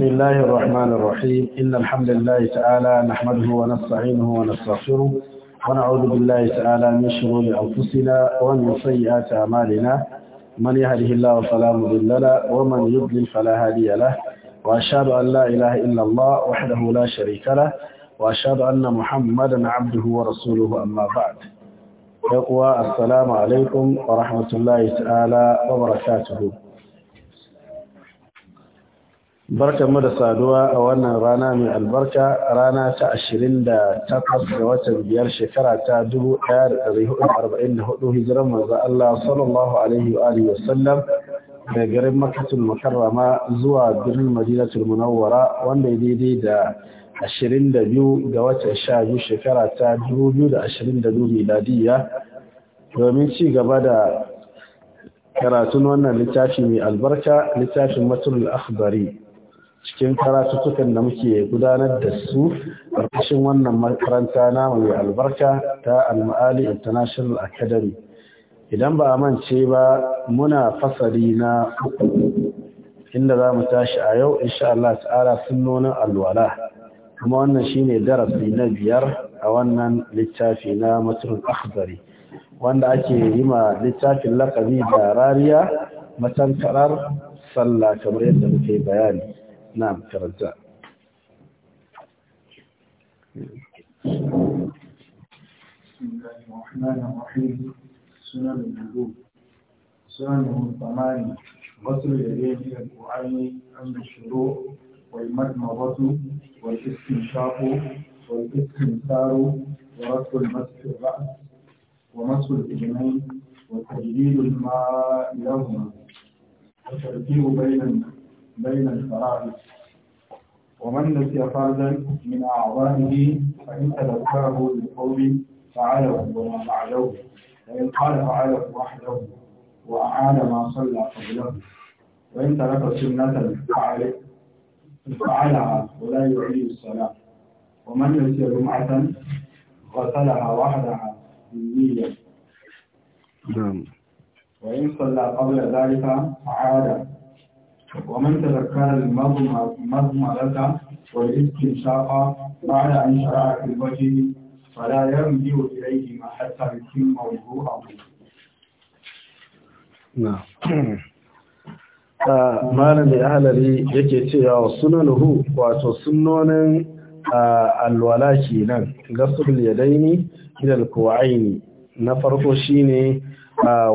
بسم الله الرحمن الرحيم إن الحمد لله تعالى نحمده ونستعينه ونستغفره ونعوذ بالله تعالى من شرور أنفسنا ومن سيئات أعمالنا من يهده الله فلا مضل له ومن يضلل فلا هادي له وأشهد أن لا إله إلا الله وحده لا شريك له وأشهد أن محمدا عبده ورسوله أما بعد يقوى السلام عليكم ورحمة الله تعالى وبركاته barkanmu da saduwa a wannan rana mai albarka rana ta 28 ga watan biyar shekara ta 1444 hijiran maza Allah sallallahu alaihi wa alihi wasallam da garin Makkatul makarrama, zuwa birnin Madinatul Munawwara wanda ya daidai da 22 ga watan 12 shekara ta 2022 miladiya domin ci gaba da karatun wannan littafi mai albarka littafin matul akhbari cikin karatuttukan da muke gudanar da su ƙarƙashin wannan makaranta na mai albarka ta alma'ali international academy idan ba a mance ba muna fasari na uku inda za mu tashi a yau insha Allah ta'ala sunnonin alwala kuma wannan shine darasi na biyar a wannan littafi na matun akhbari wanda ake yi ma littafin lakabi da rariya matankarar sallah kamar yadda muke bayani نعم كرزاء بسم الله الرحمن الرحيم سنن الوضوء سننه الضمان غسل اليدين في الكوعين عند الشروع والمدمضة والاستنشاق والاستنثار ورفع المسح الرأس ومسح الإذنين وتجديد الماء لهما وترتيب بين بين الفرائض ومن نسي فردا من أعضائه فإن تذكره بالقول فعله وما فعله وإن قال فعله وحده واعان ما صلى قبله وإن ترك سنة فعلها ولا يعيد الصلاة ومن نسي جمعة غسلها وحدها بالنية نعم وإن صلى قبل ذلك عاد ومن تذكر المضمرة والاستنشاق بعد أن شرع في الوجه فلا يرجع إليهما حتى يتم وضوءه. نعم. malami ahalari yake cewa sunanuhu wato sunonin alwala kenan gasul yadaini ila alkuwaini na farko shine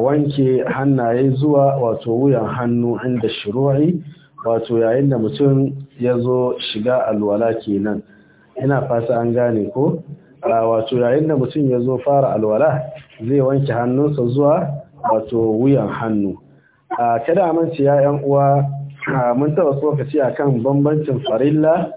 wanke hannaye zuwa wato wuyan hannu inda shiru'i wato yayin da mutum ya zo shiga alwala kenan ina fata an gane ko wato yayin da mutum ya zo fara alwala zai wanke hannunsa zuwa wato wuyan hannu kada amince ya yan uwa mun taba tsokaci akan bambancin farilla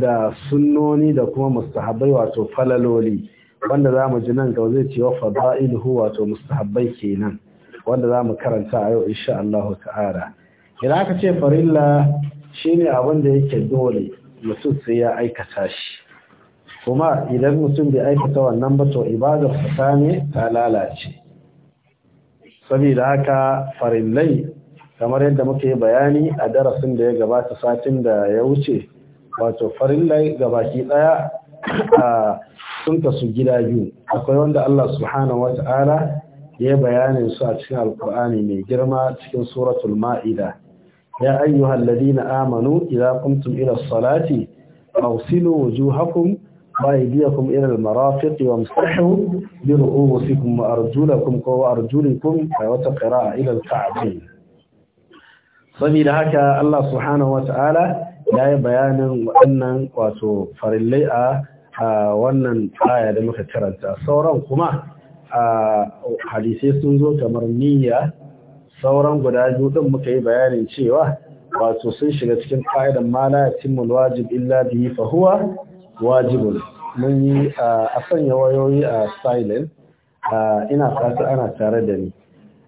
da sunnoni da kuma mustahabbai wato falaloli wanda za mu ji nan ga zai ce wa fada'iluhu wato mustahabbai kenan wanda za mu karanta a yau insha Allah ta'ala idan aka ce farilla shine abin da yake dole mutum sai ya aikata shi kuma idan mutum bai aikata wannan ba to ibadar ta ne ta lalace saboda haka farillai kamar yadda muke bayani a darasin da ya gabata satin da ya wuce wato farillai gabaki daya a sun kasu gida biyu akwai wanda Allah subhanahu wata'ala ya bayanin su a cikin alkur'ani mai girma cikin suratul ma'ida ya ayyuhal ladina amanu idza qumtum ila salati awsilu wujuhakum wa aydiyakum ila almarafiq wamsahu bi ru'usikum wa arjulakum wa arjulikum wa wata ila alka'bayn saboda haka Allah subhanahu wata'ala ya yi bayanin waɗannan wato farillai a wannan aya da muka karanta sauran kuma hadisai sun zo kamar niyya sauran guda biyu din muka yi bayanin cewa wato sun shiga cikin fa'idan ma la yatimul wajib illa bihi fa huwa wajibun mun yi a sanya wayoyi a silent ina fata ana tare da ni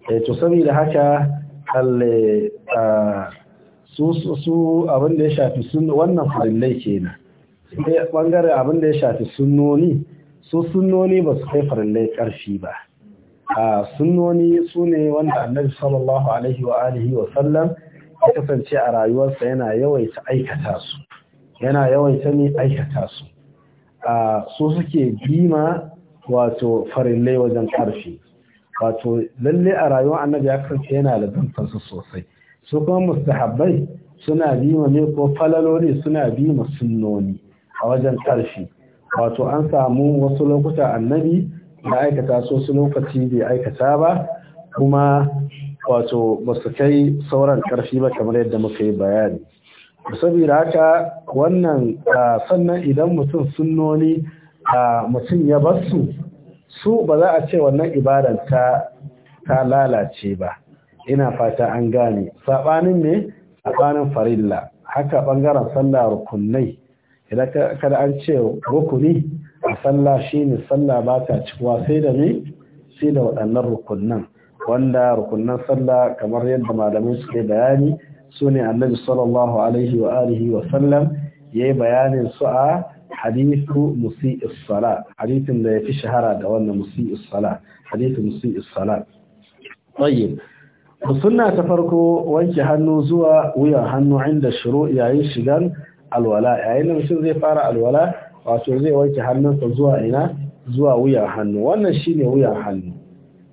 eh to saboda haka alle su su abin da ya shafi sun wannan farillai kenan sai bangare abin da ya shafi sunnoni su sunnoni ba su kai farallai karfi ba a sunnoni su ne wanda annabi sallallahu alaihi wa alihi wa sallam ya kasance a rayuwarsa yana yawaita aikata su yana yawaita ne aikata su a su suke bima wato farallai wajen karfi wato lalle a rayuwar annabi ya kasance yana da zantansu sosai su kuma mustahabbai suna bima ne ko falaloli suna bima sunnoni a wajen ƙarshe, wato an samu wasu lokuta annabi da aikata su lokaci bai aikata ba kuma wato ba su kai sauran ƙarfi ba kamar yadda muka yi bayani saboda haka wannan sannan idan mutum sunnoni mutum ya bar su su ba za a ce wannan ibadan ta lalace ba ina fata an gane saɓanin ne a tsanin farilla haka ɓangaren sallah rukunai idan kada an ce rukuni a shi ne sallah ba ta cikuwa sai da me sai da waɗannan rukunnan wanda rukunnan sallah kamar yadda malamai suke bayani su ne annabi sallallahu alaihi wa alihi wa sallam yayi bayanin su a hadithu musii'is sala hadithin da yafi shahara da wannan musii'is sala hadithu musii'is sala sunna ta farko wanke hannu zuwa wuyan hannu inda shiru yayin shigan alwala yayin da mutum zai fara alwala wato zai wanke hannunsa zuwa ina zuwa wuyan hannu wannan shine wuyan hannu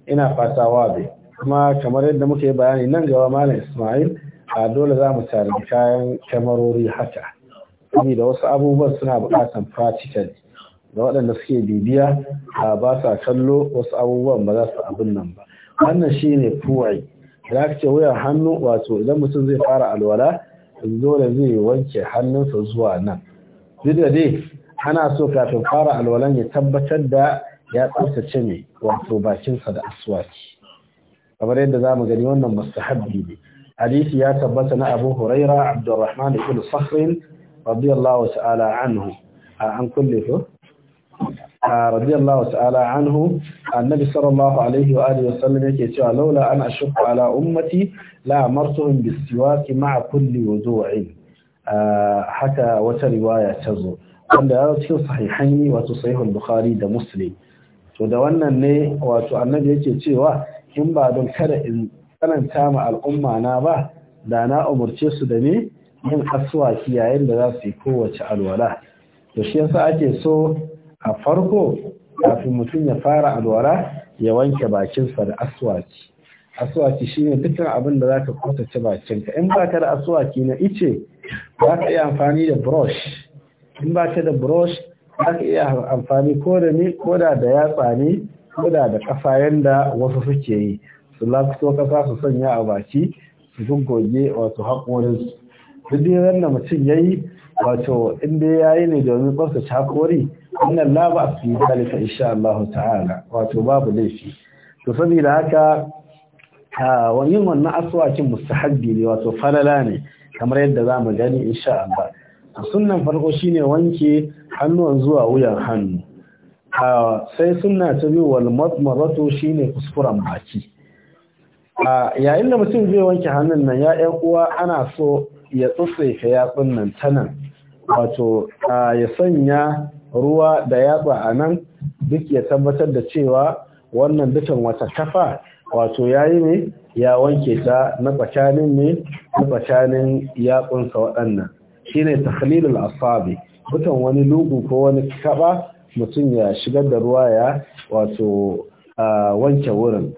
ina fata bai kuma kamar yadda muka yi bayani nan gaba malam Ismail a dole za mu tarihi kayan kyamarori haka da wasu abubuwan suna bukatan practical da waɗanda suke bibiya a ba sa kallo wasu abubuwan ba za su abin nan ba wannan shine fuwai da ake wuyan hannu wato idan mutum zai fara alwala dole zai wanke hannunsa zuwa nan duk da dai ana so kafin fara alwalan ya tabbatar da ya tsaftace mai wato bakinsa da aswaki kamar yadda za mu gani wannan mustahabbi ne hadisi ya tabbata na abu huraira abdurrahman ibn sakhrin radiyallahu ta'ala anhu an kulle ko radiyallahu ta'ala anhu annabi sallallahu alaihi wa alihi wasallam yake cewa laula an ashqa ala ummati la amartuhum bisiwaki ma'a kulli wudu'in haka wata riwaya ta zo wanda ya cikin sahihaini wato sahihul bukhari da muslim to da wannan ne wato annabi yake cewa in ba don kada in tsananta ma al'umma na ba da na umarci su da ne yin aswaki yayin da za su yi kowace alwala to shi yasa ake so a farko kafin mutum ya fara alwara, ya wanke bakinsa da aswaki aswaki shine dukkan abin da zaka kwatace bakinka in baka da aswaki na ice zaka iya amfani da brush in baka da brush zaka iya amfani ko da ne ko da da yatsa ne ko da da kafa yanda wasu suke yi su lafito kasa su sanya a baki su gungoge wato haƙorinsu duk da mutum ya yi wato inda ya yi ne domin tsarkace haƙori wannan na ba su yi dalika insha Allah ta'ala wato babu laifi to saboda haka yin wannan aswakin mustahabbi ne wato falala ne kamar yadda za mu gani insha Allah sunnan farko shine wanke hannuwan zuwa wuyan hannu sai sunna ta biyu wal matmaratu shine kuskuren baki yayin da mutum zai wanke hannun nan ya ɗan uwa ana so ya tsotsefe yatsun nan ta nan wato ya sanya ruwa da yatsa a nan duk ya tabbatar da cewa wannan dukan wata kafa wato yayi ne ya wanke ta na tsakanin ne na tsakanin yatsunsa waɗannan shine takhlilul asabi dukan wani lugu ko wani kaba mutum ya shigar da ruwa ya wato wanke wurin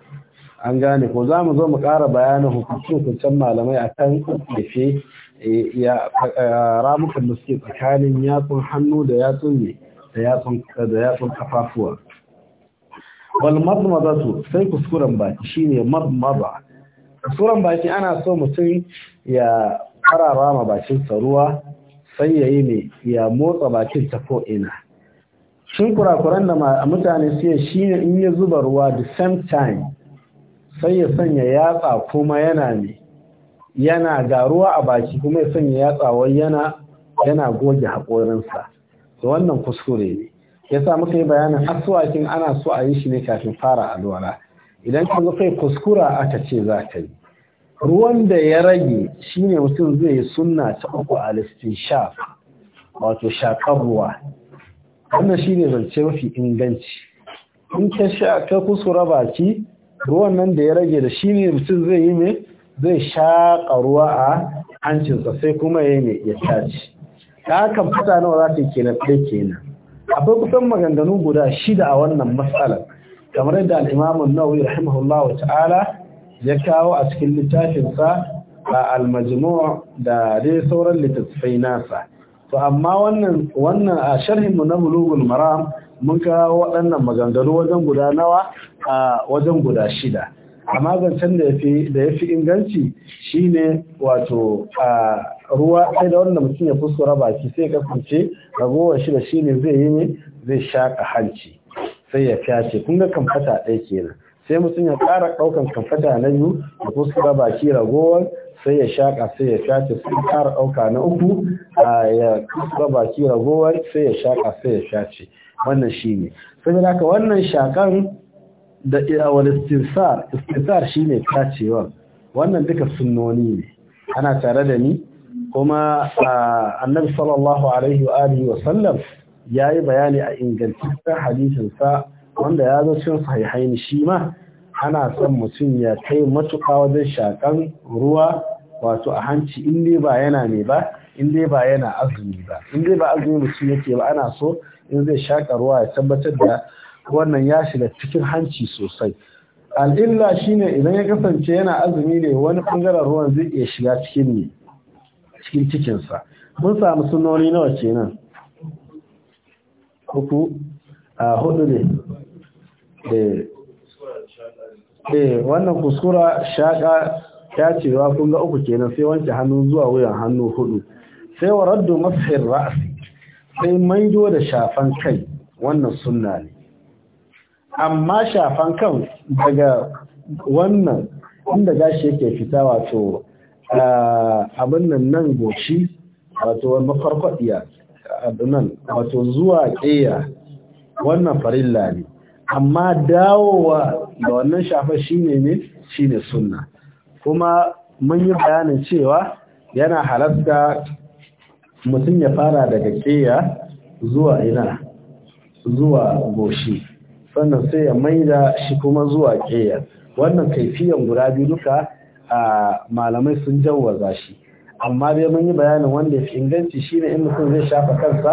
an gane ko za mu zo mu ƙara bayanin hukuncin malamai a kan ƙarfe eh, ya eh, ramukan da suke tsakanin yatsun hannu da yatsun ne da yatsun kafafuwa wal mazmazatu sai kuskuren baki shine mazmaza kuskuren baki ana so mutum ya fara rama bakin sa ruwa sai yayi ne ya motsa bakin ta ko ina shin kurakuran da mutane suke shine in ya zuba ruwa the same time sai ya sanya yatsa kuma yana ne yana ruwa a baki kuma ya sanya yatsa wai yana yana goge haƙorinsa to wannan kuskure ne yasa muka yi bayanin aswakin ana so a yi shi ne kafin fara alwala idan ka zo kai kuskura aka ce za ka yi ruwan da ya rage shine mutum zai yi sunna ta uku a listin shaf wato shakar ruwa wannan shine zance mafi inganci in ka sha baki ruwan nan da ya rage da shi ne mutum zai yi ne zai shaƙa ruwa a hancinsa sai kuma ya ne ya tashi ta hakan fata nawa za ta yi kenan ɗai kenan akwai kusan maganganu guda shida a wannan matsalar kamar yadda al'imamun nawawi rahimahullah ta'ala ya kawo a cikin littafinsa a almajimu da dai sauran littattafai nasa to amma wannan wannan a sharhin mu na bulugul maram mun kawo waɗannan maganganu wajen guda nawa a wajen guda shida amma zancen da ya fi inganci shi ne wato a ruwa sai da wanda mutum ya fuskura baki sai kasance ragowar shida ne zai yi ne zai shaƙa hanci sai ya fyace kun ga kamfata ɗaya kenan sai mutum ya ƙara ɗaukan kamfata na biyu da fuskura baki ragowar sai ya shaƙa sai ya fyace sai ƙara ɗauka na uku ya fuskura baki ragowar sai ya shaƙa sai ya fyace wannan shi sai saboda haka wannan shakan da eh, istisar shi ne shine cewa wannan duka sunnoni ne ana tare da ni kuma ah, annabi sallallahu alaihi wa alihi wa sallam yayi bayani a ingantaccen hadisin sa wanda ya zo cikin sahihaini shi ma ana son mutum ya kai matuƙa wajen shakan ruwa wato a hanci in dai ba yana ne ba in dai ba yana azumi ba in dai ba azumi mutum yake ba ana so in zai shaƙa ruwa ya tabbatar da wannan ya shiga cikin hanci sosai al'illa shine idan ya kasance yana azumi ne wani ɓangaren ruwan zai iya shiga cikin ne cikin cikinsa mun samu sunoni nawa kenan a hudu ne eh, eh, wannan kuskura shaƙa ya cewa kun ga uku kenan sai wanke hannu zuwa wuyan hannu hudu sai wa raddu mafi ra'asi sai maido da shafan kai wannan sunna ne amma shafan kan daga wannan inda gashi yake fita wato eh, abin nan nan goshi wato mafarkwadiya abinan wato zuwa ƙeya wannan farilla ne amma dawowa da wannan shafa shi ne ne sunna kuma mun yi bayanin cewa yana halatta mutum ya fara daga keya zuwa ina zuwa goshi sannan sai ya maida shi kuma zuwa keya wannan kaifiyan guda biyu duka a malamai sun jawwaza shi amma dai mun yi bayanin wanda ya fi inganci shine in mutum zai shafa kansa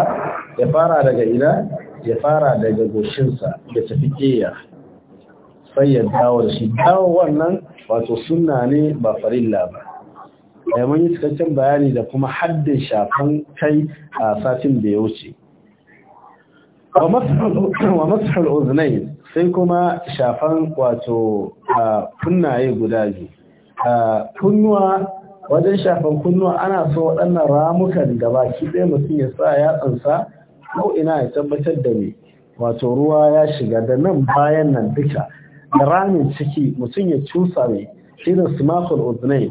ya fara daga ina ya fara daga goshinsa ya tafi keya sai ya dawo da shi dawo wannan wato suna ne ba farilla ba da eh, mun yi cikakken bayani da kuma haddin shafan kai a satin da ya wuce wa masahar uznai sai kuma shafan wato kunnaye guda biyu kunnuwa wajen shafan kunnuwa ana so waɗannan ramukan da baki ɗaya mutum ya sa yatsansa ko ina ya tabbatar da ni, wato ruwa ya shiga da nan bayan nan duka da ramin ciki mutum ya cusa ne, shi da smakul uznai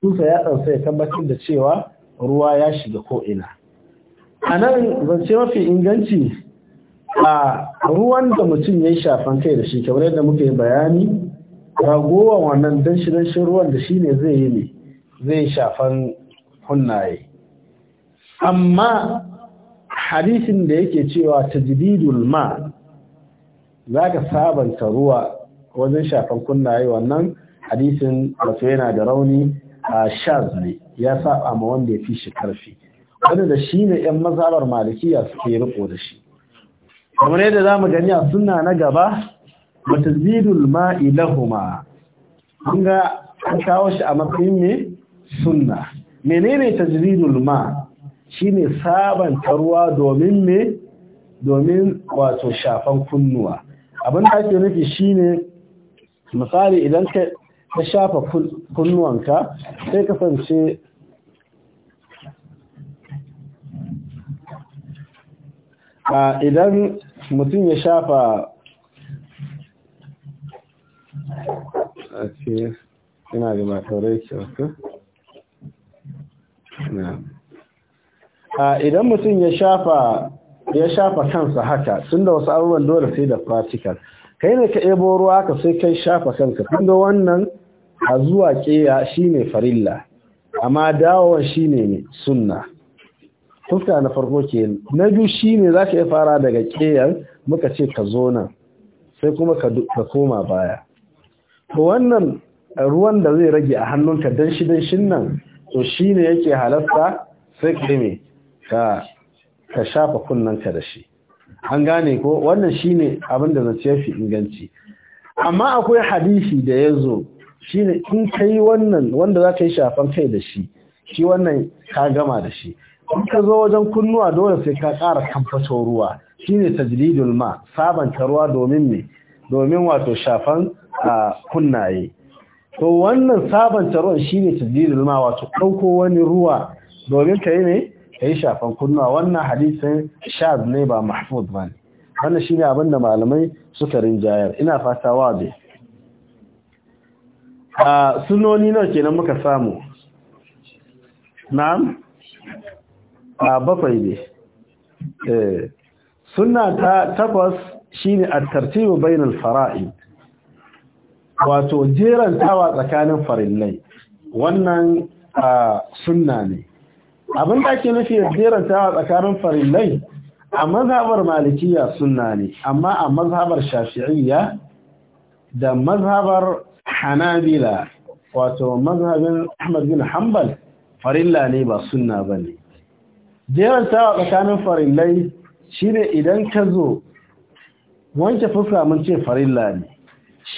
tusa ya ɗansa ya tabbatar da cewa ruwa ya shiga ko'ina. A nan zance mafi inganci a ruwan da mutum ya yi shafan kai da shi kamar yadda muka yi bayani ragowar wannan don shi ruwan da shi ne zai yi ne zai shafan kunnaye. Amma hadisin da yake cewa ta ma za ka sabanta ruwa wajen shafan kunnaye wannan hadisin wato yana da rauni a shaz ne ya saba ma wanda ya fi shi karfi wanda da shi ne yan mazhabar malikiya suke riko da shi kamar yadda za mu gani a suna na gaba zidul ma'i lahuma kun an kawo shi a matsayin ne suna. menene zidul ma shine sabanta ruwa domin me domin wato shafan kunnuwa abin da ake nufi shine misali idan ka ka shafa kunnuwanka sai kasance a idan mutum ya shafa a ce yana da mataurai kyautu idan mutum ya shafa ya shafa kansa haka sun da wasu abubuwan dole sai da practical kai ne ka ebo ruwa ka sai kai shafa kanka tun da wannan a zuwa keya ne farilla amma dawowa shi ne sunna fuska na farko ke na biyu ne za ka yi fara daga ƙeyar muka ce ka zo nan sai kuma ka koma baya wannan ruwan da zai rage a hannunka danshi shi shin nan to shi ne yake halasta sai ka me ka shafa kunnanka da shi an gane ko wannan shine abin da zance fi inganci amma akwai hadisi da ya zo. ne in ka yi wannan wanda za ka yi shafan kai da shi shi wannan ka gama da shi in ka zo wajen kunnuwa dole sai ka ƙara kamfato ruwa shine tajridul ma sabanta ruwa domin ne domin wato shafan a kunnaye to wannan sabanta ruwan ta tajridul ma wato ɗauko wani ruwa domin ka yi ne ka yi shafan kunnuwa wannan hadisin shaz ne ba mahfud ba ne wannan shine abin da malamai suka rinjayar ina fata wa a sunoni nawa kenan muka samu na'am a bakwai ne eh sunna ta takwas shine at-tartibu bainal fara'id wato tawa tsakanin farillai wannan sunna ne abin da ke nufi jeran tawa tsakanin farillai a mazhabar malikiyya sunna ne amma a mazhabar shafi'iyya da mazhabar hanabila wato mazhabin ahmad bin hanbal farilla ne ba sunna ba ne jerantawa tsakanin farillai shine idan ka zo wanke fuska mun ce farilla ne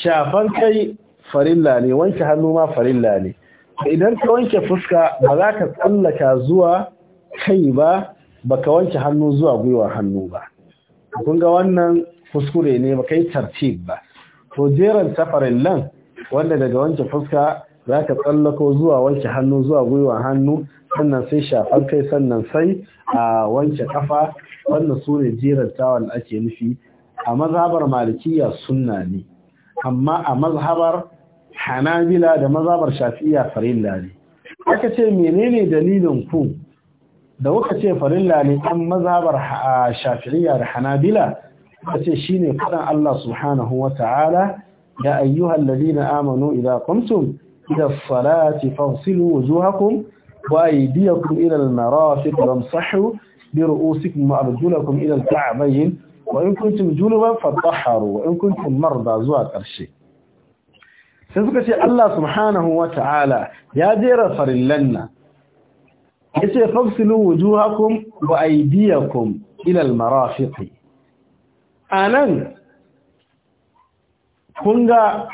shafan kai farilla ne wanke hannu ma farilla ne idan ka wanke fuska ba za ka tsallaka zuwa kai ba baka wanke hannu zuwa gwiwar hannu ba kun ga wannan kuskure ne baka yi tartib ba to jeran safarin lan wanda daga wanke fuska za ka tsallako zuwa wanke hannu zuwa gwiwa hannu sannan sai shafan kai sannan sai a wanke kafa wannan su ne jerantawan da ake nufi a mazhabar malikiya sunna ne amma a mazhabar hanabila da mazhabar shafi'iya farilla ne aka ce menene dalilin ku da kuka ce farilla ne an mazhabar shafi'iyya da hanabila kace ce shine fadan Allah subhanahu wata'ala يا أيها الذين آمنوا إذا قمتم إلى الصلاة فاغسلوا وجوهكم وأيديكم إلى المرافق وامسحوا برؤوسكم وأرجلكم إلى الكعبين وإن كنتم جنبا فطهروا وإن كنتم مرضى زوات أرشي sai suka ce Allah subhanahu wa ta'ala ya jera farillan nan ya ce fafsilu wujuhakum wa aydiyakum ila al-marafiqi anan Kunga!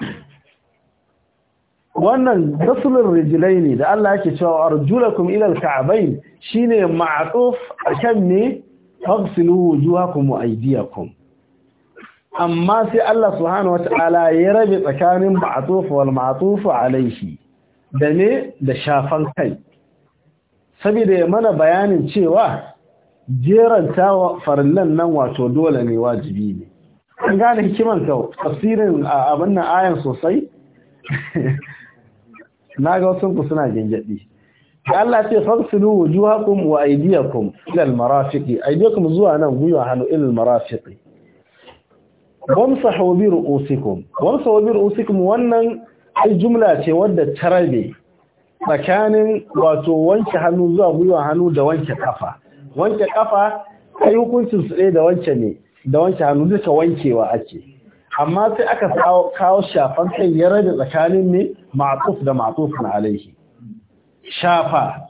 wannan gasulun rijilai ne da Allah yake cewa a rujula kuma shine ka'abai Shi ne a kan fagsilu wujuhakum wa kuma amma sai Allah subhanahu wata'ala ya rabe tsakanin ma'tuf wal a alaihi da ne da shafan kai saboda ya mana bayanin cewa jeranta farin nan wato dole ne wajibi ne an gane hikimar da tafsirin abin nan ayan sosai na ga wasu ku suna gingaɗi Allah ce fasilu wujuhakum wa aydiyakum ila al-marafiqi aydiyakum zuwa nan guyuwa hannu ila al-marafiqi wamsahu bi ru'usikum wamsahu bi ru'usikum wannan ai jumla ce wadda tarabe tsakanin wato wanke hannu zuwa guyuwa hannu da wanke kafa wanke kafa ai hukuncin su da wanke ne da wanke hannu duka wankewa ake amma sai aka kawo shafan kai ya rage tsakanin ne ma'atuf da ma'atuf na alaihi shafa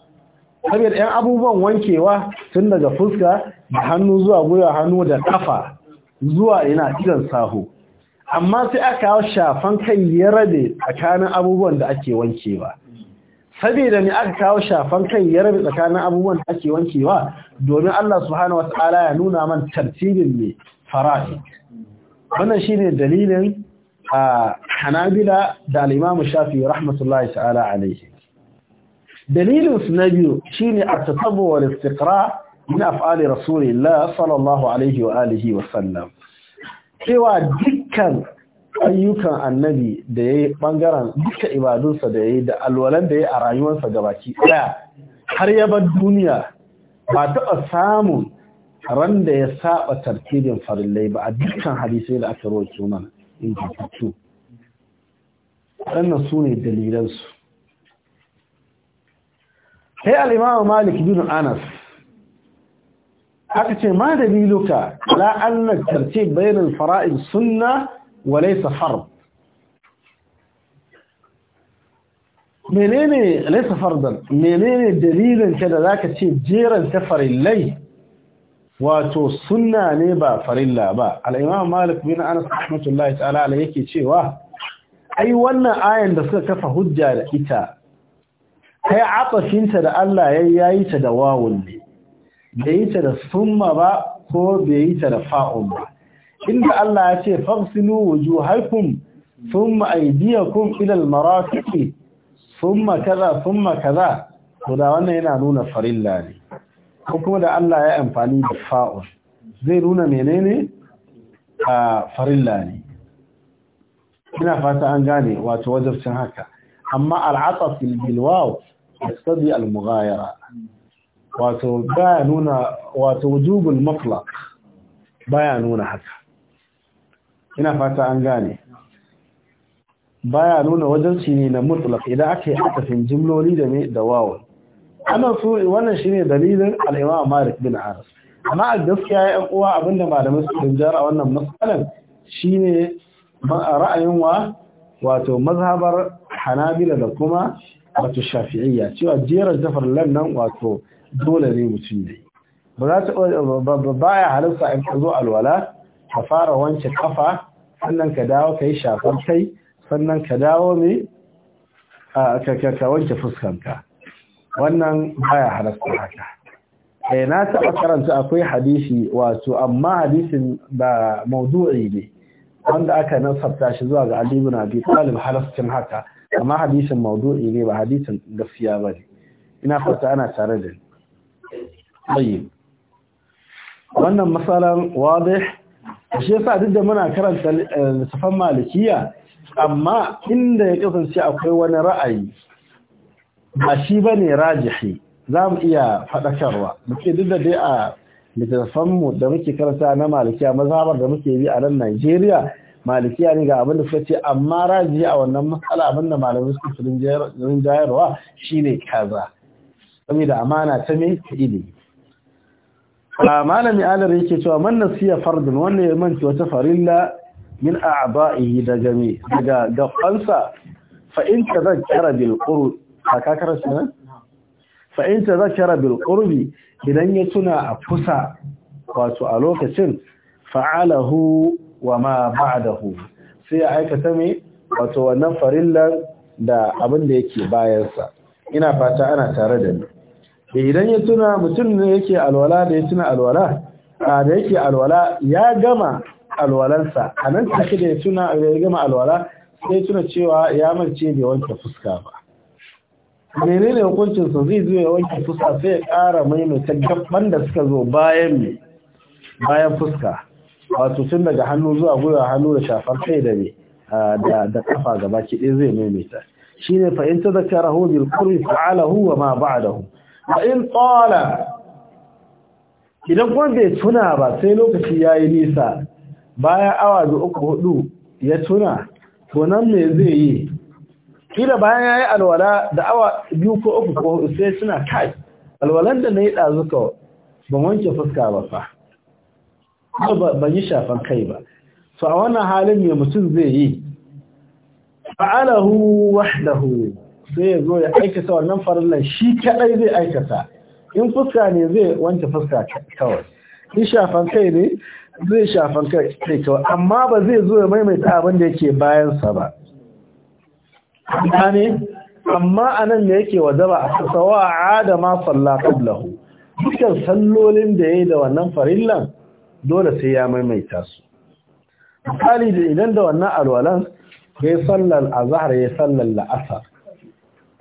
saboda yan abubuwan wankewa tun daga fuska da hannu zuwa gwiwa hannu da kafa zuwa ina idan sahu amma sai aka kawo shafan kai ya rage tsakanin abubuwan da ake wankewa saboda ne aka kawo shafan kai ya rabe tsakanin abubuwan da ake wankewa domin Allah subhanahu wataala ya nuna man tartibin ne fara'id wannan shine dalilin a Hanabila da al-Imam shafi rahmatullahi ta'ala alayhi dalilin su na shine at-tatabbu wal istiqra min af'ali rasulillah sallallahu alaihi wa alihi wa sallam cewa dukkan ayyukan annabi da ya yi ɓangaren duka ibadunsa da ya yi da alwalan da ya a rayuwarsa gabaki ɗaya har ya bar duniya ba taɓa samun ran da ya saɓa tartibin farillai ba a dukkan hadisai da aka roƙi mana in ji su ne dalilansu sai al'imamu malik bin anas aka ce ma daliluka la annar tartib bayanin fara'in sunna walaysa harb menene laysa fardan menene dalilin ka da zaka ce jeran ta farillai wato sunna ne ba farilla ba al-imam malik bin anas rahmatullahi ta'ala alayhi yake cewa ai wannan ayan da suka kafa hujja da ita kai atafinta da Allah yayi yayi ta da wawun ne bai yi ta da summa ba ko bai yi ta da fa'un ba inda Allah ya ce fagsilu wujuhakum thumma aydiyakum ila al-marafiqi thumma kaza thumma kaza to da wannan yana nuna farilla ne ko kuma da Allah ya amfani da fa'ul zai nuna menene a farilla ne ina fata an gane wato wajibcin haka amma al-ataf bil waw yastadi al-mughayara wato baya nuna wato wujubul mutlaq baya nuna haka ina fata an gane baya nuna wajen ne na mutlaq idan aka yi akafin jimloli da da wawo ana so wannan shine dalilin al-Imam Malik bin Anas amma a gaskiya ya uwa abinda malamin su dinjar a wannan matsalan shine ra'ayin wa wato mazhabar Hanabila da kuma wato Shafi'iyya cewa jera jafar lannan wato dole ne mutum ne ba za ta baya halarsa in zo alwala ka fara wanke kafa sannan ka dawo ka yi shafan kai sannan ka dawo a ka wanke fuskanka wannan baya halasta haka eh na taɓa karanta akwai hadisi wato amma hadisin ba maudu'i ne wanda aka nasabta shi zuwa ga alibu na biyu, Talib halastin haka amma hadisin maudu'i ne ba hadisin gaskiya ba ne ina fata ana tare da ni wannan masalan wadih shi yasa duk da muna karanta eh, lissafin malikiya amma inda ya kasance akwai wani ra'ayi ba shi ba ne rajihi za mu iya faɗakarwa muke duk da dai a littafanmu da muke karanta na malikiya mazhabar da muke bi a nan Najeriya malikiya ne ga abin da suka ce amma rajihi a wannan matsala abin da malamai suka fi rinjayarwa ne kaza da amana ta me ta ilimi a malami alar yake cewa man nasiya fardun wanda ya manci wata farilla min a'ba'i daga me daga gafansa fa in zakara bil qurbi ka karashi na fa in zakara bil qurb idan ya tuna a kusa wato a lokacin fa'alahu wa ma ba'dahu sai ya aikata me wato wannan farillar da abin da yake bayansa ina fata ana tare da ni Eh, idan ya tuna mutum ne yake alwala da ya tuna alwala a da yake alwala ya gama alwalansa a nan take da ya tuna ya gama alwala sai tuna cewa ya mance da wanke fuska ba menene hukuncin sa zai zo ya wanke fuska sai ya ƙara maimaita tagabban da suka zo bayan bayan fuska wato tun daga hannu zuwa gwiwa hannu da shafar kai da me da kafa gaba ki zai maimaita shine fa in tadhakkarahu bil qurbi fa'alahu wa ma ba'dahu in tsala idan kuma bai tuna ba sai lokaci ya yi nisa bayan awa da uku hudu ya tuna to nan me zai yi kila bayan ya yi alwala da awa biyu ko uku ko hudu sai suna kai alwalan da na yi ɗazuka ban wanke fuska ba fa ban yi shafan kai ba so a wannan halin mai mutum zai yi fa'alahu wahdahu sai ya zo ya aikata wannan farallan shi kadai zai aikata in fuska ne zai wanke fuska kawai in shafan kai ne zai shafan kai kawai amma ba zai zo ya maimaita abin da yake bayansa ba gane amma nan da yake ba, a sawa ada ma salla qablahu dukkan sallolin da yayi da wannan farillan dole sai ya maimaita su misali da idan da wannan alwalan yi sallar azahar, ya sallar la'asar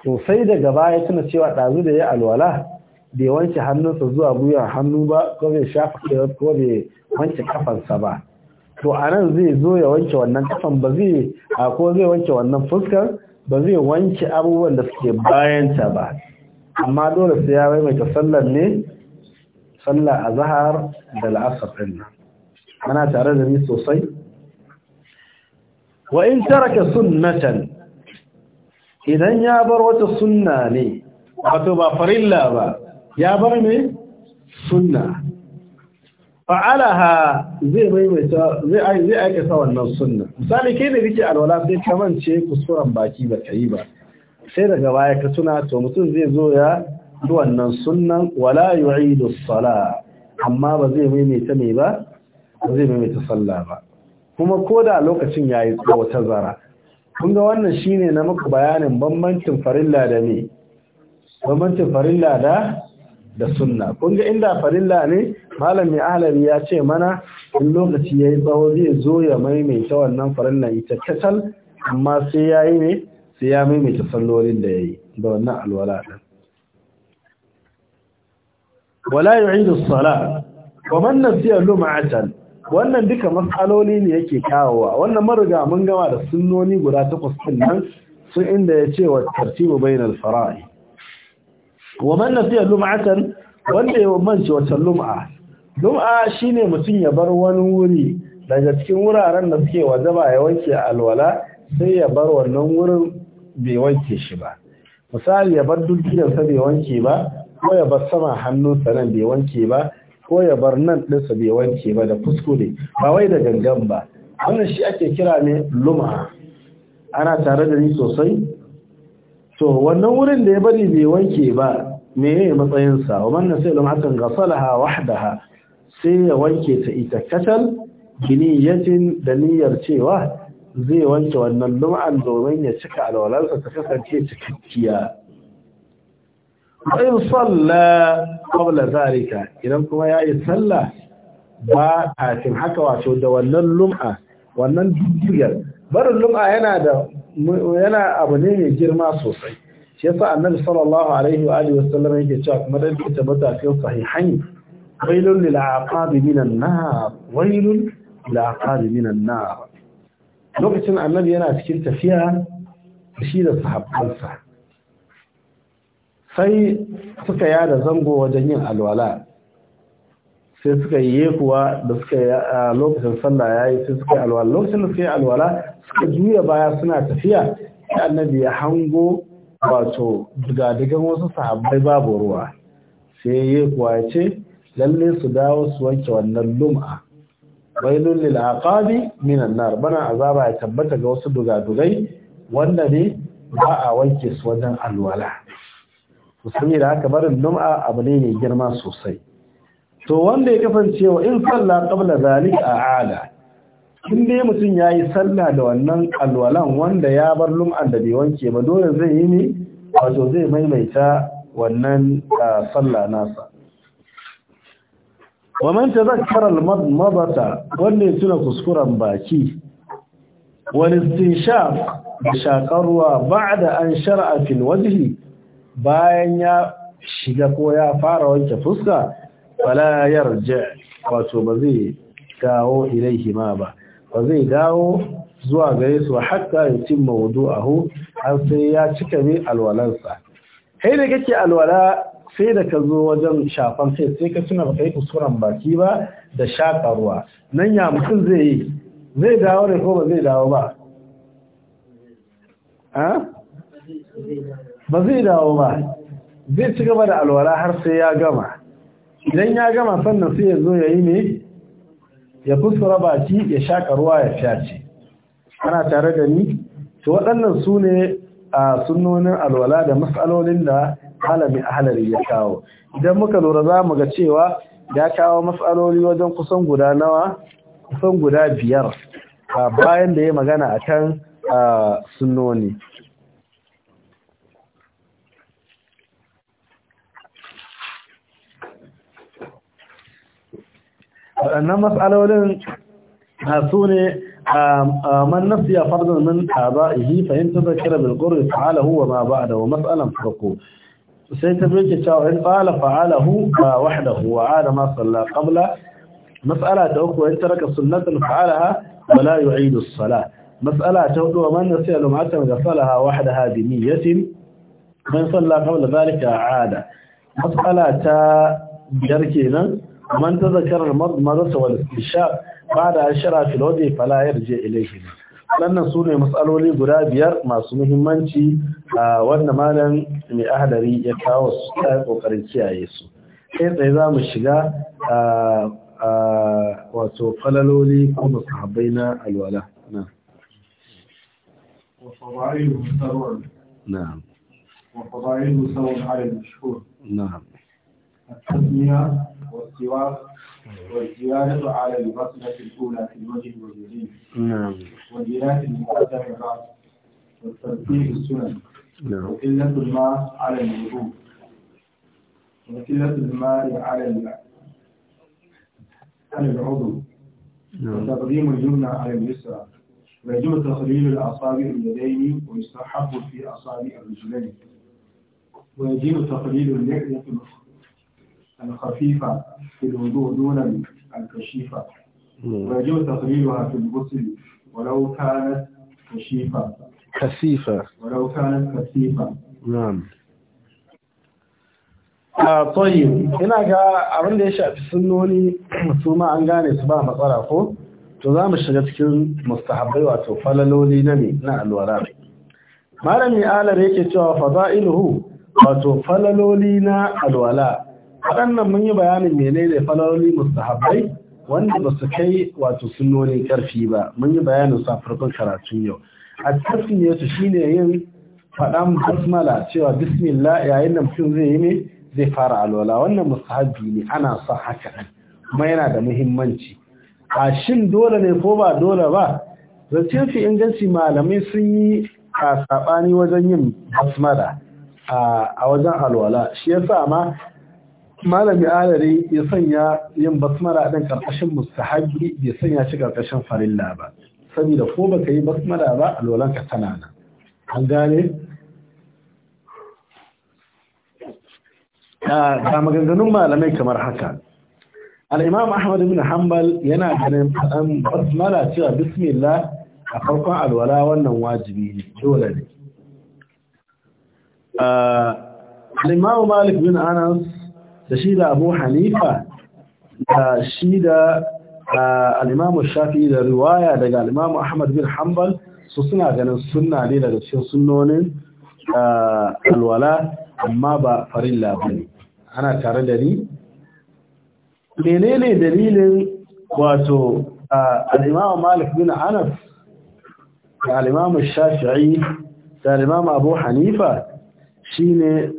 to sai daga baya tuna cewa ɗazu da ya alwala bai wanke hannunsa zuwa gwiwa hannu ba ko bai shafa ko bai wanke kafansa ba to a nan zai zo ya wanke wannan kafan ba zai a ko zai wanke wannan fuskar ba zai wanke abubuwan da suke bayanta ba amma dole sai ya maimaita sallar ne sallar azhar da la'asar din ana tare da ni sosai wa in taraka sunnatan idan ya bar wata sunna ne wato ba farilla ba ya bar ne sunna fa'alaha zai maimaita zai aikata wannan sunna misali ke da rike alwala sai ka mance kusuran baki ba kai ba sai daga baya ka tuna to mutum zai zo ya yi wannan sunnan wala yu'idu amma ba zai maimaita me ba ba zai maimaita sallah ba kuma koda lokacin yayi tsawo ta zara kun ga wannan shine na muku bayanin bambancin farilla da ne bambancin farilla da da sunna kun ga inda farilla ne malami ahlari ya ce mana in lokaci yayi tsawo zai zo ya maimaita wannan farilla ita kasal amma sai yayi ne sai ya maimaita sallolin da yayi da wannan alwala din wala yu'idu as-salat wa man nasiya lum'atan wannan duka matsaloli ne yake kawowa wannan mariga mun gama da sunnoni guda takwas din nan sun inda ya ce wa tartibu bainal fara'i wa man nasiya lum'atan wanda ya manci wata lum'a lum'a shine mutum ya bar wani wuri daga cikin wuraren da suke wajaba ya wanke alwala sai ya bar wannan wurin bai wanke shi ba misali ya bar sa bai wanke ba ko ya bar sama hannunsa nan bai wanke ba ko ya bar nan ɗinsa bai wanke ba da kuskure ba wai da gangan ba wannan shi ake kira ne luma ana tare da ni sosai to wannan wurin da ya bari bai wanke ba me ne matsayinsa wa sai nasilu matan gasalaha wahdaha sai ya wanke ta ita katal biniyatin da niyyar cewa zai wanke wannan Luma'an domin ya cika alwalarsa ta kasance cikakkiya in salla qabla zalika idan kuma yayi sallah ba kafin haka wato da wannan lum'a wannan dukiyar barin lum'a yana da yana abu ne mai girma sosai shi yasa annabi sallallahu alaihi wa alihi wasallam yake cewa kuma dan ta matafiyan sahihain wailul lil aqabi minan nar wailul lil aqabi minan nar lokacin annabi yana cikin tafiya shi da sahabbansa sai suka yada zango wajen yin alwala sai suka yi yekuwa da suka yi lokacin sallah ya yi sai suka yi alwala lokacin da suka yi alwala suka juya baya suna tafiya ya annabi ya hango wato digadigan wasu sahabbai babu ruwa sai kuwa ya ce lalle su dawo su wanke wannan lum'a lullu da aƙabi minan nar bana azaba ya tabbata ga wasu dugadugai wanda ne ba a wanke su wajen alwala saboda haka barin lum'a abu ne mai girma sosai to wanda ya kasance wa in salla qabla zalika ala in dai mutum yayi salla da wannan alwalan wanda ya bar lum'an da bai wanke ba dole zai yi ne wato zai maimaita wannan salla nasa wa man tazakkara al-madmata wanda ya tuna kuskuren baki wani istinshaq da shakarwa da an shar'a fil wajhi bayan ya shiga ko ya fara wanke fuska fala yarja wato ba zai dawo ilaihi ma ba ba zai dawo zuwa gare su hatta ya a wudu'ahu har sai ya cika mai alwalansa kai da kake alwala sai da ka zo wajen shafan kai sai ka tuna kai kusuran baki ba da shaƙa ruwa nan ya mutum zai yi zai dawo ne ko ba zai dawo ba ba zai dawo ba zai ci gaba da alwala har sai ya gama idan ya gama sannan sai ya zo ya yi ne ya fuskura baki ya shaƙa ruwa ya fyace ana tare da ni to waɗannan su ne a sunnonin alwala da matsalolin da halami a halari ya kawo idan muka lura za mu ga cewa ya kawo matsaloli wajen kusan guda nawa kusan guda biyar bayan da ya magana a kan sunoni waɗannan matsalolin ah, su ne ah, ah, man nafsiya farzan min yi fahimta zakira bil qurbi fa'alahu wa ma da wa mas'alan farko sai ta zoke cewa in fa'ala fa'alahu ba wahdahu wa ala ma salla qabla mas'ala ta uku in taraka sunnatan fa'alaha wa la yi as sala. mas'ala ta hudu man nasiya lumatan da salaha wahdaha bi niyyatin man salla qabla dhalika aada mas'ala ta biyar kenan man tazakara madrasa wal isha da ashara fil wadi fala yarji ilayhi wannan sune matsaloli guda biyar masu muhimmanci a wannan malam mai ahdari ya kawo su ta kokarin kiyaye su kai tsaye za mu shiga a wato falaloli ko masahabai na alwala na نعم وفضائله سواء على المشهور نعم التسمية والجوار والجوار على البصلة الأولى في الوجه واليدين نعم وزيادة المقدم الرأس السنن نعم وقلة الماء على الوضوء وقلة الماء على على العضو نعم. وتقديم اليمنى على اليسرى ويجوز تقليل الأصابع اليدين ويستحب في أصابع الرجلين ويجوز تقليل اللحية الخفيفة في الوضوء دون الكشيفة ويجب تقليلها في الغسل ولو كانت كشيفة كثيفة ولو كانت كثيفة نعم طيب ina ga abin da ya shafi sunnoni su an gane su ba matsala ko to za mu shiga cikin mustahabbai wato falaloli na ne na alwara malami alar yake cewa fada'iluhu wato falaloli na alwala waɗannan mun yi bayanin menene falaloli mustahabbai wanda ba su kai wato sunnonin ƙarfi ba mun yi bayanin sa farkon karatun yau a cikin shi shine yin faɗan basmala cewa bismillah yayin da mutum zai yi ne zai fara alwala wannan mustahabbi ne ana sa haka ɗan kuma yana da muhimmanci a shin dole ne ko ba dole ba zancen fi inganci malamai sun yi a saɓani wajen yin basmala a wajen alwala shi yasa ma malami alari ya sanya yin basmara ɗin ƙarƙashin mustahabi ya sanya shi ƙarƙashin farilla ba saboda ko baka yi basmara ba alwalanka tana nan an gane ah, ga maganganun malamai kamar haka al'imam ahmad bin hanbal yana ganin faɗan basmara cewa bismillah a farkon alwala wannan wajibi ne dole ne ah, al'imam malik bin anas da shi da abu hanifa da shi da al'imamu shafi da riwaya daga al'imamu ahmad bin hanbal su suna ganin sunna ne daga cikin sunnonin alwala amma ba farin ba ne ana tare da ni menene dalilin wato al'imamu malik bin anas da al'imamu shafi'i da al'imamu abu hanifa shine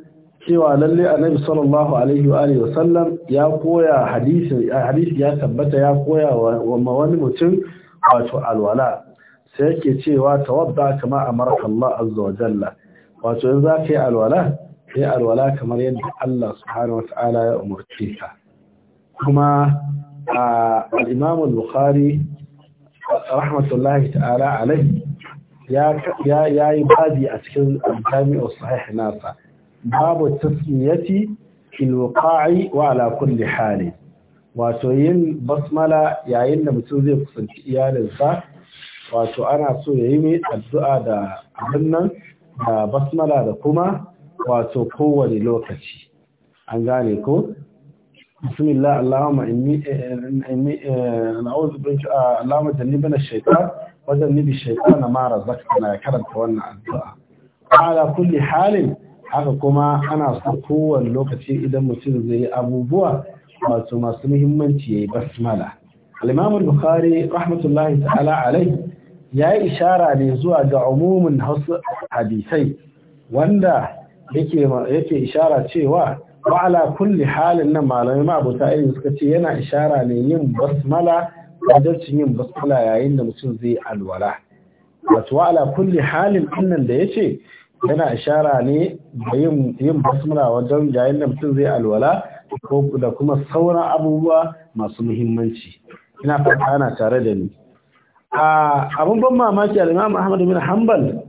cewa lalle annabi sallallahu alaihi wa alihi wasallam ya koya hadisi hadisi ya tabbata ya koya wa wani mutum wato alwala sai yake cewa tawadda kama amarka Allah azza wa jalla wato in za ka yi alwala sai alwala kamar yadda Allah subhanahu wa ta'ala ya umarce ka kuma al-Imam al-Bukhari rahmatullahi ta'ala alaihi ya ya yi babi a cikin jami'u sahih nasa babu tasmiyati fil waqa'i wa ala kulli hali wato yin basmala yayin da mutum zai kusanci iyalinsa wato ana so yayi mai addu'a da abin nan da basmala da kuma wato kowane lokaci an gane ko بسم الله اللهم إني إني نعوذ بك اللهم جنبنا الشيطان وجنب الشيطان ما رزقتنا يا كرم كونا الدعاء على كل حال haka kuma ana so kowane lokaci idan mutum zai yi abubuwa wato masu muhimmanci ya yi basmala al-imam bukhari rahmatullahi ta'ala alai ya yi ishara ne zuwa ga umumin hadisai wanda yake ishara cewa Wa'ala ala kulli halin nan malamai ma abota irin suka ce yana ishara ne yin basmala wajen yin basmala yayin da mutum zai alwala wato Wa'ala kulli halin nan da yace yana ishara ne da yin yin basmala wajen yayin da mutum zai alwala da kuma sauran abubuwa masu muhimmanci ina fata ana tare da ni a abin ban mamaki al-Imam Ahmad bin Hanbal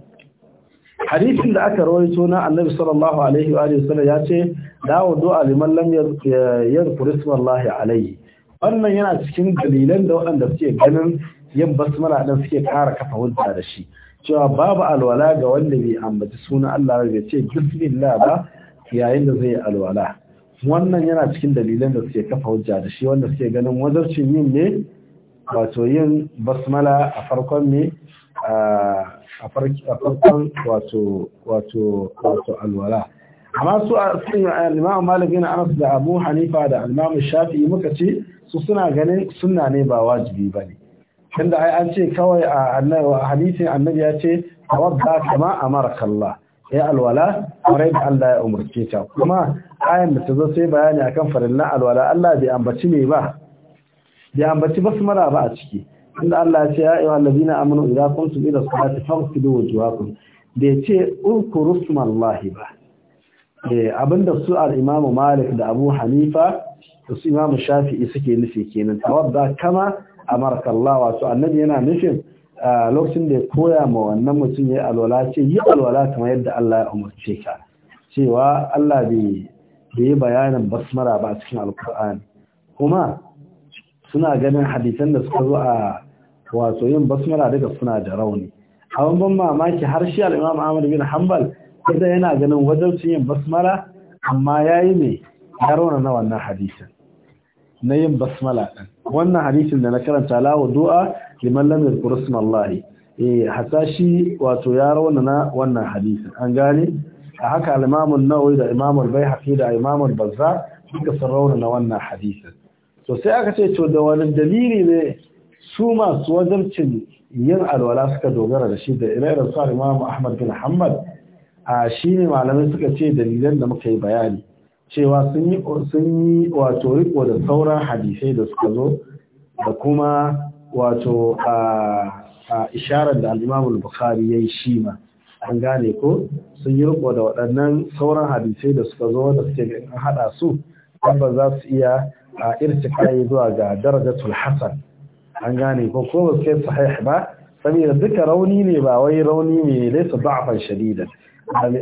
hadisin da aka rawaito na Annabi sallallahu alaihi wa sallam ya ce dawo du'a liman lam yadhkur ismallahi alaihi wannan yana cikin dalilan da waɗanda suke ganin yin basmala dan suke kara kafa hujja da shi cewa babu alwala ga wanda bai ambaci sunan Allah bai ce bismillah ba yayin da zai alwala wannan yana cikin dalilan da suke kafa hujja da shi wanda suke ganin wazarcin yin ne wato yin basmala a farkon ne a farkon wato alwala amma su a cikin Imam Malik bin Anas da Abu Hanifa da Imam Shafi muka ce su suna ganin sunna ne ba wajibi bane tunda ai an ce kawai a hadisin annabi ya ce tawadda kama amaraka Allah ya alwala kwarai da Allah ya umarce ta kuma ayan da ta zo sai bayani akan farilla alwala Allah bai ambaci me ba bai ambaci ba a ciki inda Allah ya ce ya ayyuhal ladina amanu idza kuntum ila salati faghsilu wujuhakum bai ce ulkuru ba Eh, abinda su al malik da abu hanifa da su imamu shafi'i suke nufi kenan tawadda kama amarka Allah su annabi yana nufin lokacin da ya koya ma wannan mutum ya alwala ce yi alwala kama yadda Allah ya umarce ka cewa Allah bai yi bayanin basmara ba a cikin alkur'ani kuma suna ganin hadisan da suka zo a wato yin basmara daga suna da rauni abin ban mamaki har shi al-imam Ahmad bin Hanbal kada yana ganin wajaucin yin basmala amma ya yi ne ya rauna na wannan hadisin na yin basmala wannan hadisin da na karanta lawo du'a liman lam yadhkur ismallahi eh hasashi wato ya rauna na wannan hadisin an gane a haka al-Imam an-Nawawi da Imam al-Baihaqi da Imam al-Bazzar suka sarrauna na wannan hadisin to sai aka ce to da wani dalili ne su masu cin yin alwala suka dogara da shi da ire-iren su Imam Ahmad bin hamad. a ne malamai suka ce dalilan da muka yi bayani cewa sun yi wato riko da sauran hadisai da suka zo da kuma wato a isharar da alimamul bukari ya yi yayi shi ma an gane ko sun yi riko da waɗannan sauran hadisai da suka zo wanda suke an hada su ba za su iya a kayi zuwa ga darajatul hasan an gane ko ko ba su kai sahih ba saboda duka rauni ne ba wai rauni ne a ba'afan shadidan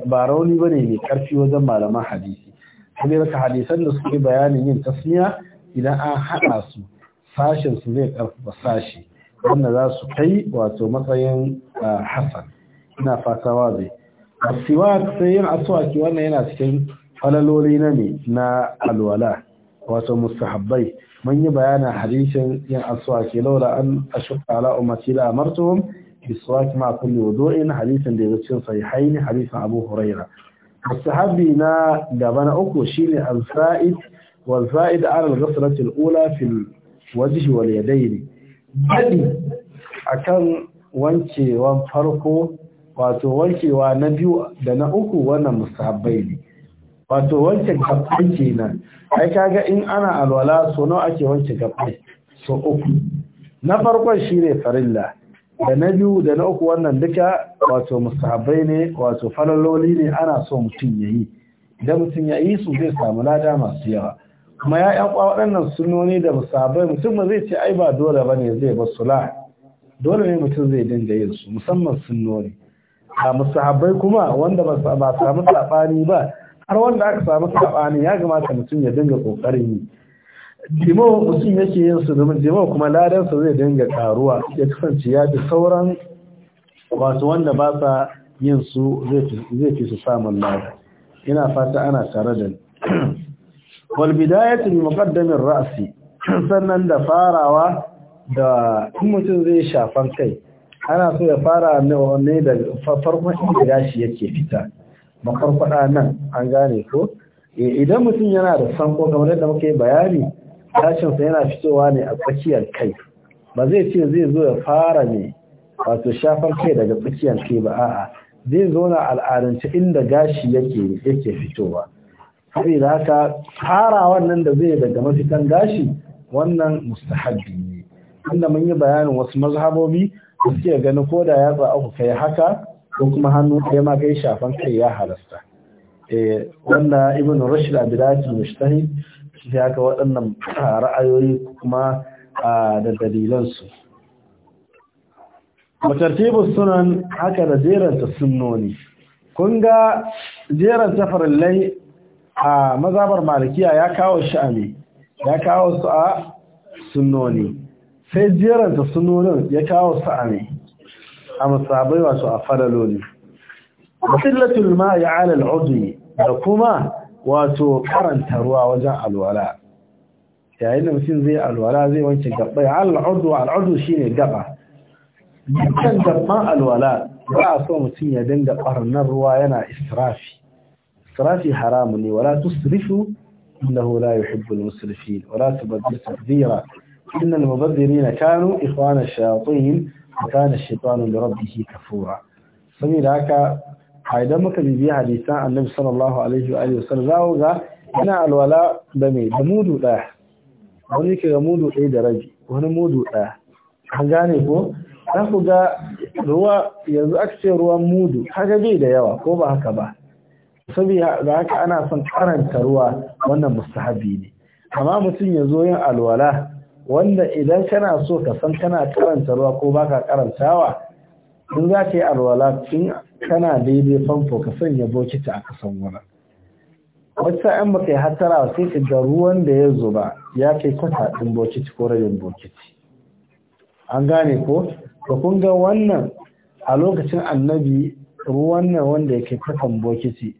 ba rauni bane mai karfi wajen malaman hadisi sai raka hadisan da suke bayanin yin tasmiya idan an haɗa su sashen su zai karfafa sashi wanda za su kai wato matsayin Hassan. ina fata wazi asiwa sai yin aswaki wannan yana cikin falaloli na ne na alwala wato mustahabbai mun yi bayanin hadisin yin aswaki laula an ashuka ala ummati la amartuhum biswaki ma kulli wudu'in hadisin da yake cikin sahihain hadisin Abu Huraira sahabi na gaba na uku shine al-sa'id wa zaid ala al-ghasrati al-ula fi al-wajh wal yadayn dadi akan farko wato wankewa na biyu da na uku wannan ne wato wanke gaban kenan ai kaga in ana alwala so nawa ake wanke gaban so uku na farkon shine farilla da na biyu da na uku wannan duka wato musahabai ne wato falaloli ne ana so mutum ya yi idan mutum ya yi su zai samu lada masu yawa kuma ya yan waɗannan sunoni da musahabai mutum ma zai ce ai ba dole ba ne zai ba sula dole ne mutum zai dinga yin su musamman sunoni a musahabai kuma wanda ba samu saɓani ba har wanda aka samu saɓani ya kamata mutum ya dinga ƙoƙarin yi dimo mutum yake yin su domin dimo kuma ladansa zai dinga karuwa ya kasance ya fi sauran wasu wanda ba sa yin su zai fi su samun lada ina fata ana tare da ni Walbida ya bi muqaddamin ra'si sannan da farawa da mutum zai shafan kai ana so ya fara ne da farkon inda gashi yake fita makarfada nan an gane ko eh, idan mutum yana da sanko kamar yadda muke bayani gashinsa yana fitowa ne a tsakiyar kai ba zai ce zai zo ya fara ne wato shafar kai daga tsakiyar kai ba a'a zai zo na al'adance inda gashi yake yake fitowa ina haka fara wannan da zai daga mafitan gashi wannan mustahabbi ne inda mun yi bayanin wasu mazhabobi da suke ganin ko da ya yatsa uku kai haka ko kuma hannu ɗaya ma kai shafan kai ya halasta eh wanda ibnu rushd abdulaziz mustahid shi haka waɗannan ra'ayoyi kuma da dalilansu matartibus sunan haka da jeranta sunnoni kun ga jeranta farillai a mazabar malikiya ya kawo sha'ani ya kawo su a sunnoni sai jeranta sunnonin ya kawo su a ne a wasu a falaloli Matsillatul ma ya alal da kuma wato karanta ruwa wajen alwala yayin da mutum zai alwala zai wanke gaba al'adu shi shine gaba dukkan gaban alwala ba a so mutum ya dinga barnar ruwa yana israfi israfi haramu ne wala tusrifu innahu la yuhibbu al-musrifin wala tubaddir tabdira إن المبذرين كانوا إخوان الشياطين da shi kafura كفورا da haka a idan muka bibiya hadisan annabi sallallahu alaihi wa alihi wasallam zawo ga ina alwala da me da mudu daya wani ke ga mudu ɗaya da rabi wani mudu ɗaya an gane ko za ku ga ruwa yanzu aka ce ruwan mudu kaga bai da yawa ko ba haka ba saboda haka ana son karanta ruwa wannan mustahabi ne amma mutum ya zo yin alwala wanda idan kana so ka san kana karanta ruwa ko baka karantawa in za ka yi alwala tun kana daidai famfo ka sanya bokiti a kasan wurin wata yan baka yi hatara sai ka ga ruwan da ya ba ya kai kwata ɗin bokiti ko rabin bokiti an gane ko ka kun wannan a lokacin annabi ruwan nan wanda ya kai kwatan bokiti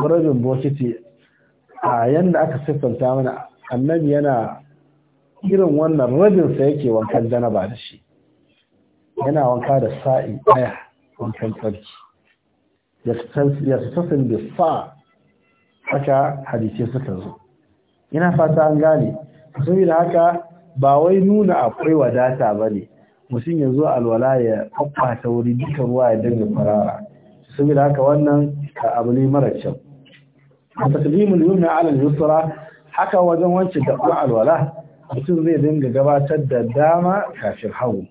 ko rabin bokiti a yadda aka siffanta mana annabi yana irin wannan rabinsa yake wankan ba da shi yana wanka da sa'i ɗaya wankan tsarki ya su da sa haka hadisai suka zo ina fata an gane saboda haka ba wai nuna akwai wadata ba ne mutum ya zo alwala ya ta wuri duka ruwa ya dinga farara saboda haka wannan ka abu ne mara kyau a taklimul yumna alal yusura haka wajen wancan da alwala mutum zai dinga gabatar da dama kafin hagu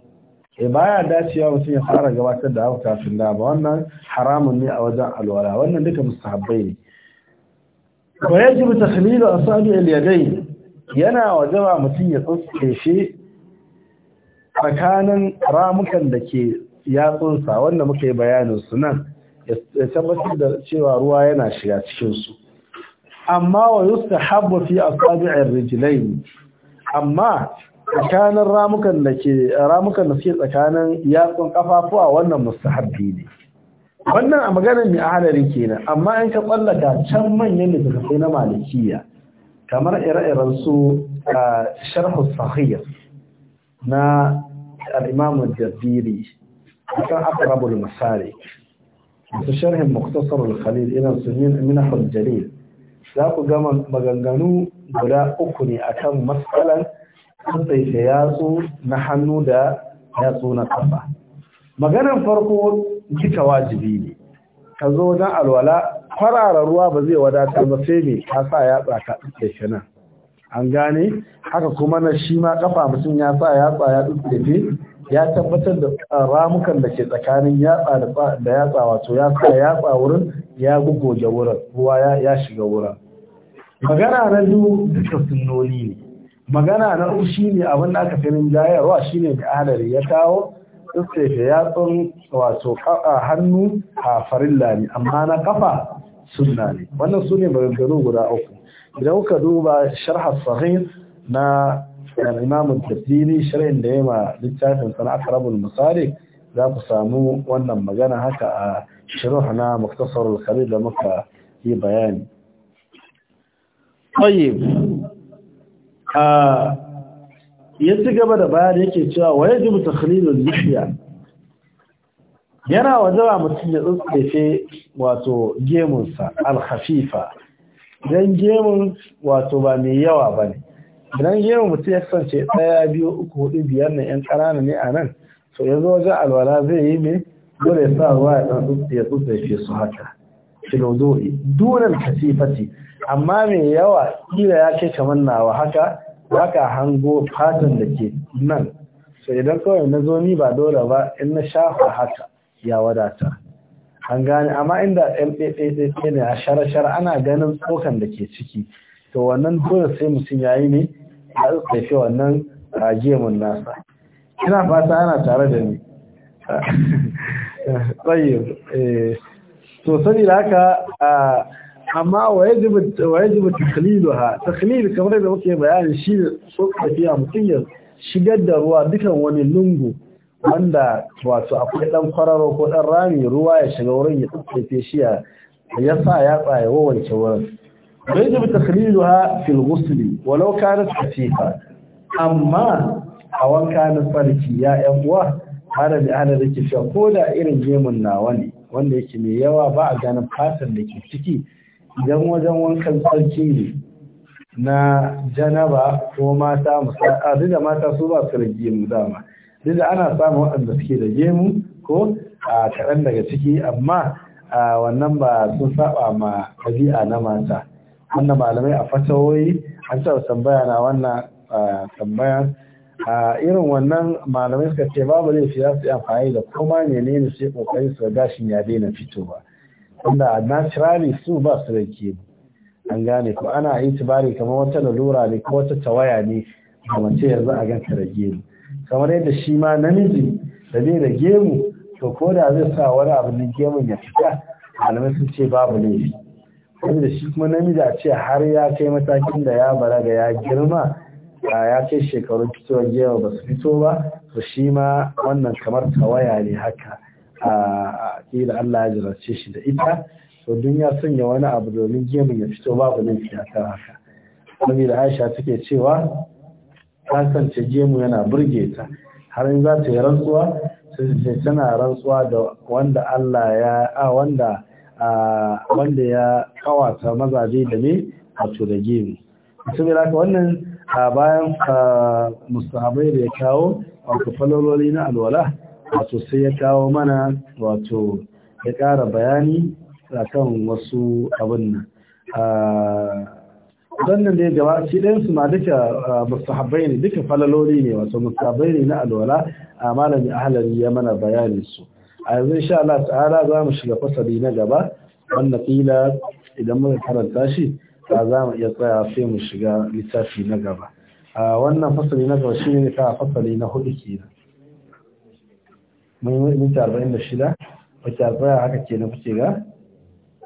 e baya dacewa mutum ya fara gabatar da abu kafin da ba wannan haramun ne a wajen alwala wannan duka mustahabbai ne wa yajibu takhlilu asabi al yaday yana wajaba mutum ya tsotse shi tsakanin ramukan da ke yatsunsa wanda muka yi bayanin su nan ya tabbatar da cewa ruwa yana shiga cikin su amma wa yustahabbu fi asabi'ir rijlayn amma tsakanin ramukan da ke ramukan da suke tsakanin yatsun a wannan mustahabbi ne wannan a maganar mai ahalari kenan amma in ka tsallaka can manyan sai na malikiya kamar ire-iren su a sharhu sahiyar na al imamu jaziri akan aqrabul masari su sharhin muktasar khalil irin su min jalil za ku gama maganganu guda uku ne akan matsalan tsaitsaita yatsu na hannu da yatsu na ƙafa maganar farko kika wajibi ne ka zo wajen alwala farara ruwa ba zai wadatar ba sai ne ka sa yatsa ka tsaitsaita nan an gane haka kuma na shi ma ƙafa mutum ya sa yatsa ya tsaitsaita ya tabbatar da ramukan da ke tsakanin yatsa da yatsa wato ya sa yatsa wurin ya gugoje wurin ruwa ya shiga wurin magana na biyu duka sunnoni ne magana na uku shine abin da aka fi rinjayarwa shine da adari ya kawo da yatsun wato hannu a farilla ne amma na kafa sunna ne wannan su ne maganganu guda uku idan kuka duba sharha sahih na imam tafsiri sharhin da ya ma littafin sana akrabul musalik za ku samu wannan magana haka a shiruh na muktasarul khalil da muka yi bayani ya ci gaba da bayan yake cewa waye ya ta khalilun lishiya yana wajaba mutum ya tsotsefe wato gemunsa alhafifa idan gemun wato ba mai yawa ba ne idan gemun mutum ya kasance ɗaya biyu uku hudu biyar na yan ƙanana ne a nan to ya zo wajen alwala zai yi mai dole ya sa ruwa ya ɗan su haka filodori dunan kasifati amma mai yawa kila ya kai kamar nawa haka Za ka hango fatan da ke nan so idan kawai na zo ni ba dole ba in na shafa haka ya wadata an gane amma inda ɗaiɗaiɗaiɗai ne a shara-shara ana ganin tsokan da ke ciki to wannan dole sai mutum ya yi ne ya tafi wannan ragemun nasa ina fata ana tare da ni tsayi eh. to da haka ah, amma wa yajibu ha takhlil kamar da muke bayanin shi so tafiya mutum ya shigar da ruwa dukan wani lungu wanda wato akwai dan kwararo ko dan rami ruwa ya shiga wurin ya tsafe shi ya sa ya tsaya wawance wurin yajibu ha fil ghusl walau kanat khatifa amma a wanka na farki ya yan uwa har da ana da ke ko da irin gemun nawa ne wanda yake mai yawa ba a ganin fatan da ke ciki idan wajen wankan sarki ne na janaba ko mata a duk mata su ba su da gemu dama duk da ana samun waɗanda suke da gemu ko a kaɗan daga ciki amma a wannan ba sun saba ma ɗabi'a na mata wannan malamai a fatawoyi an taɓa tambaya na wannan tambaya a irin wannan malamai suka ce babu laifi za su yi amfani da kuma menene yi ƙoƙari su ga gashin ya daina fitowa wanda naturally su ba su da ke an gane ko ana itibari kamar wata lalura ne ko wata tawaya ne da mace yanzu a ganta da gemu kamar yadda shi ma namiji da ne da gemu to ko da zai sa wani abu ne gemun ya fita malamai sun ce babu laifi da shi kuma namiji a ce har ya kai matakin da ya bara da ya girma a ya kai shekarun fitowar gemu ba su fito ba to shi ma wannan kamar tawaya ne haka a Allah ya jirace shi da ita to dun ya sanya wani abu domin gemun ya fito babu nan fiya ta haka saboda Aisha take cewa ta kance gemu yana burge ta har in za ta yi rantsuwa sai tana rantsuwa da wanda Allah ya a wanda wanda ya kawata mazaje da me to da gemu saboda haka wannan a bayan musahabai da ya kawo wato falololi na alwala wato sai ya kawo mana wato ya kara bayani akan wasu abin nan da ya gaba shi ɗayansu ma duka mustahabbai ne duka falaloli ne wato mustahabbai ne na alwala a malami ahalari ya mana bayani su a yanzu insha Allah ta'ala za mu shiga fasali na gaba wanda kila idan muka karanta shi ba za mu iya tsaya sai mu shiga littafi na gaba wannan fasali na gaba shi ne ta fasali na hudu kenan mun yi minti arba'in da shida wace arba'in haka ke na kuce ga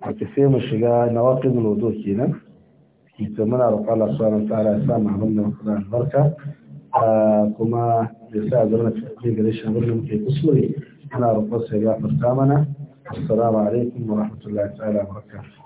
wace sai mu shiga na waƙin lodo kenan ita muna da Allah subhanahu ta'ala ya sa mu abin da muka albarka ah, kuma ya sa zama cikin gare shi abin da muke kuskure ana roƙon sai ya farta mana assalamu alaikum wa rahmatullahi ta'ala wa barakatuh